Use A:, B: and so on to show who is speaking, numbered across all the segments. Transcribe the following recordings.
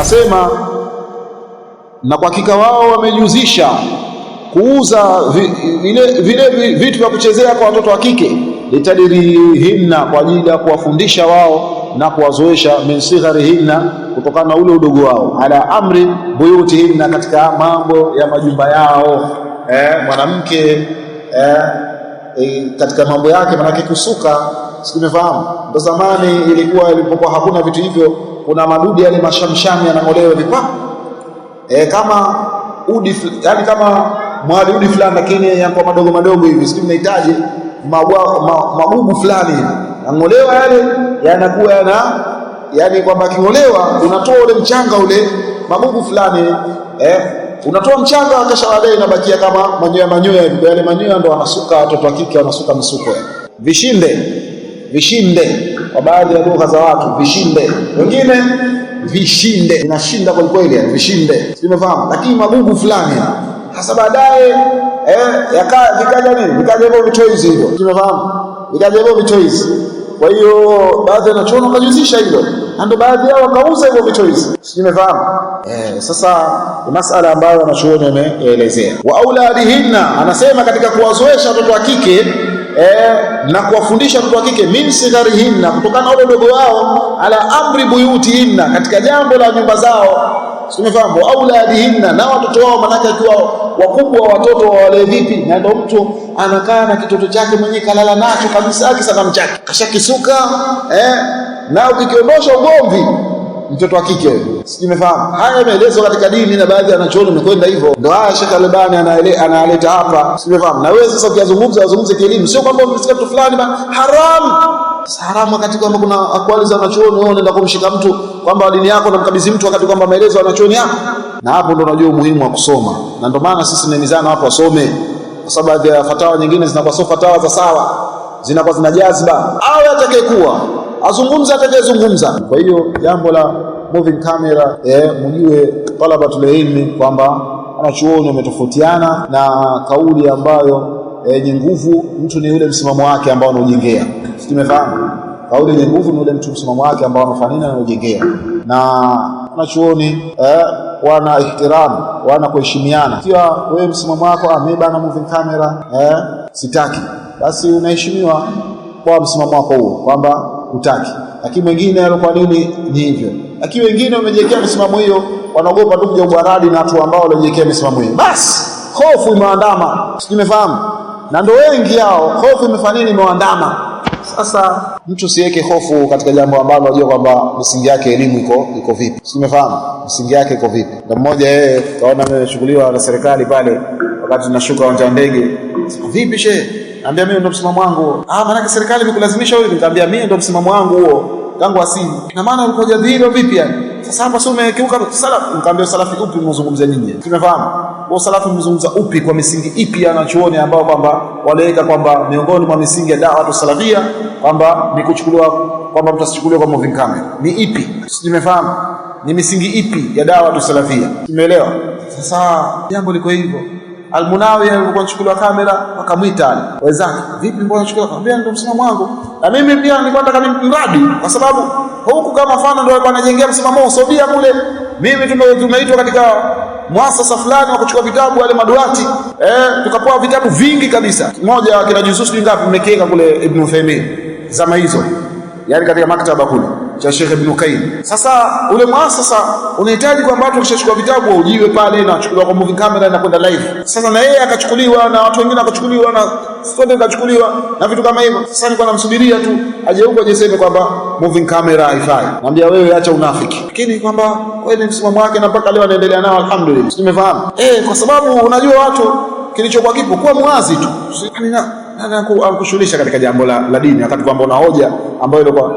A: Anasema na kwa hakika wao wamejuzisha kuuza vile vile vitu vya kuchezea kwa watoto wa kike, litadrihinna, kwa ajili ya kuwafundisha wao na kuwazoesha, min sigharihinna, kutokana na ule udogo wao, ala amri buyutihinna, katika mambo ya majumba yao. Eh, mwanamke eh, eh, katika mambo yake, manake kusuka, sikumefahamu. Ndo zamani ilikuwa ilipokuwa hakuna vitu hivyo kuna madudu yale mashamshami yanang'olewa ni kwa e, kama udi yani kama mwali udi fulani, lakini yako madogo madogo hivi, sijui mnahitaji magugu fulani hivi, yale yanakuwa yana yani kwamba kiolewa unatoa ule mchanga ule magugu fulani eh, unatoa mchanga kisha baadaye inabakia kama manyoya manyoya hivi. Yale manyoya ndo wanasuka watoto wa kike, wanasuka misuko vishinde vishinde kwa baadhi ya lugha za watu vishinde, wengine vishinde, inashinda kwa kweli, yani vishinde, simefahamu, lakini magugu fulani hasa baadaye eh, yakaa vikaja nini, vikaja hivyo vitoizi hivyo, tunafahamu, vikaja hivyo vitoizi. Kwa hiyo baadhi ya wanachuoni wakajihusisha hilo, na ndio baadhi yao wakauza hivyo vitoizi, simefahamu. Eh, sasa ni masala ambayo wanachuoni wameelezea. Wa auladihinna, anasema katika kuwazoesha watoto wa kike eh, na kuwafundisha mtu wa kike min sigharihinna, kutokana na udogo wao, ala amri buyutihinna, katika jambo la nyumba zao simefahamu auladihinna na watoto wao, manake akiwa wakubwa watoto wawalee vipi? Na ndio mtu anakaa na kitoto chake mwenyewe kalala nacho kabisa, kisanamu chake kashakisuka eh, na ukikiondosha ugomvi mtoto wa kike, sijimefahamu. Haya yameelezwa katika dini na baadhi ya wanachuoni wamekwenda hivyo, ndio haya Sheikh Albani analeta hapa, sijimefahamu. Na wewe sasa ukiyazungumza, wazungumze kielimu, sio kwamba umesikia mtu fulani haram haramu wakati kwamba kuna akwali za wanachuoni, wewe unaenda kumshika mtu kwamba dini yako namkabidhi mtu wakati kwamba maelezo ya wanachuoni yako. Na hapo ndo unajua umuhimu wa kusoma, na ndio maana sisi tunaimizana watu wasome, kwa sababu ya fatawa nyingine zinakuwa sio fatawa za sawa, zinakuwa zina jazba. Awe atakayekuwa azungumza atakayezungumza. Kwa hiyo jambo la moving camera eh, mjue talaba ilmi kwamba wanachuoni wametofautiana na kauli ambayo eh, yenye nguvu mtu ni yule msimamo wake ambao anaojengea. Tumefahamu kauli yenye nguvu ni yule mtu msimamo wake ambao anafanya na anaojengea. Na wanachuoni eh, wana ihtiramu, wana kuheshimiana. Ikiwa wewe msimamo wako ah, mimi bana moving camera eh, sitaki, basi unaheshimiwa kwa msimamo wako huo kwamba hutaki, lakini mwingine kwa nini ni hivyo? Lakini wengine wamejiwekea misimamo hiyo, wanaogopa tu kuja ubaradi na watu ambao walijiwekea misimamo hiyo, basi hofu imewaandama. Nimefahamu na ndio wengi yao, hofu imefanya nini? Sasa mtu siweke hofu katika jambo ambalo unajua kwamba misingi yake elimu iko iko vipi? Simefahamu misingi yake iko vipi? Na mmoja yeye kaona ameshughuliwa na serikali pale, wakati tunashuka uwanja wa ndege, vipi shehe Ambia mimi ndo msimamo wangu Ah, maana serikali imekulazimisha wewe, Nikamwambia mimi ndo msimamo wangu huo tangu asili. Na maana ulikuwa jadhiri vipi yani? Sasa hapa sio umekeuka salafu. Nikamwambia salafi upi mnazungumza nyinyi? Tumefahamu. Wao salafu mnazungumza upi kwa misingi ipi anachuoni ambao kwamba waliweka kwamba miongoni mwa misingi ya da'wa tu salafia kwamba ni kuchukuliwa kwamba mtasichukuliwa kwa moving camera. Ni ipi? Tumefahamu. Ni misingi ipi ya da'wa tu salafia? Tumeelewa. Sasa jambo liko hivyo. Almunawi alikuwa anachukua kamera, akamwita ali wenzake, vipi mbona anachukua kamera? ndio msimamo wangu, na mimi pia nilikuwa nataka nimradi, kwa sababu huku kama fana ndio alikuwa anajengea msimamo wa Saudi kule. Mimi tumeitwa katika muasasa fulani wa kuchukua vitabu wale maduati eh, tukapoa vitabu vingi kabisa. Moja kina juzusu ngapi? Mmekeka kule Ibn Uthaymeen zama hizo, yani katika maktaba kule cha Sheikh Ibn Qayyim. Sasa ule mwasasa unahitaji kwamba watu wakishachukua vitabu waujiwe pale na kuchukuliwa kwa movie camera na kwenda live. Sasa na yeye akachukuliwa na watu wengine akachukuliwa na sote akachukuliwa na vitu kama hivyo. Sasa nilikuwa namsubiria tu aje huko aje sema kwamba moving camera haifai. Naambia wewe acha unafiki. Lakini kwamba kweli msimamo wake na mpaka leo anaendelea nao alhamdulillah. Simefahamu. Eh, kwa sababu unajua watu kilichokuwa kipo kuwa mwazi tu. Sina anakushughulisha katika jambo la, la dini, wakati kwamba una hoja ambayo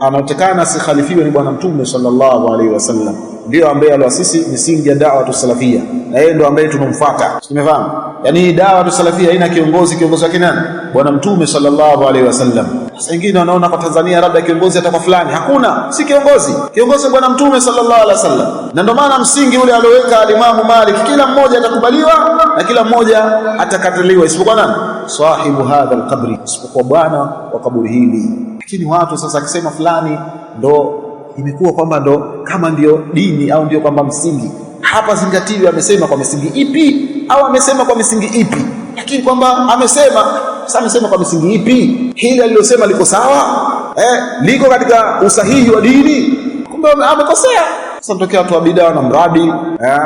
A: anaotekana asikhalifiwe ni Bwana Mtume sallallahu alaihi wasallam ndio ambaye aliasisi misingi ya da'wa salafia, na yeye ndio ambaye tunamfuata. Tumefahamu yani hii da'wa salafia haina kiongozi. Kiongozi wake nani? Bwana Mtume sallallahu alaihi wasallam. Sasa wengine wanaona kwa Tanzania labda kiongozi atakuwa fulani. Hakuna, si kiongozi. Kiongozi Bwana Mtume sallallahu alaihi wasallam, na ndio maana msingi ule alioweka alimamu Malik, kila mmoja atakubaliwa na kila mmoja atakataliwa, isipokuwa nani? Sahibu hadha alqabri, isipokuwa bwana wa kaburi hili. Lakini watu sasa akisema fulani ndo imekuwa kwamba ndo kama ndiyo dini au ndiyo kwamba msingi. Hapa zingatiwe, amesema kwa misingi ipi au amesema kwa misingi ipi? Lakini kwamba amesema sasa, amesema kwa misingi ipi? Hili alilosema liko sawa eh, liko katika usahihi wa dini? Kumbe amekosea. Sasa mtokea watu wa bidaa na mradi eh,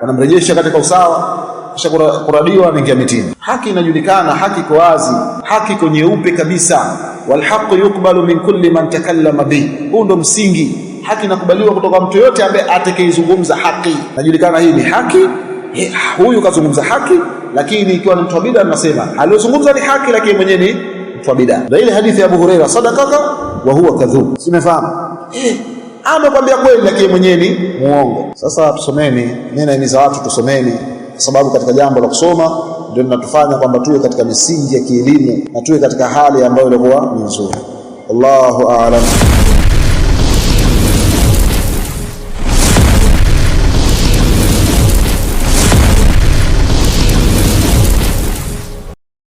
A: wanamrejesha katika usawa kisha kuradiwa anaingia mitini. Haki inajulikana, haki iko wazi, haki iko nyeupe kabisa. walhaq yukbalu min kulli man takallama bi huu ndo msingi haki inakubaliwa kutoka mtu yote ambaye atakayezungumza haki, najulikana hii ni haki. He, huyu kazungumza haki, lakini ikiwa ni mtu wa bid'a tunasema aliyozungumza ni haki, lakini mwenyewe ni mtu wa bid'a. Na ile hadithi ya Abu Huraira, sadakaka wa huwa kadhub, simefahamu eh, amekwambia kweli, lakini mwenyewe ni muongo. Sasa tusomeni, mimi nahimiza watu tusomeni, kwa sababu katika jambo la kusoma ndio linatufanya kwamba tuwe katika misingi ya kielimu na tuwe katika hali ambayo ilikuwa ni nzuri. Allahu a'lam.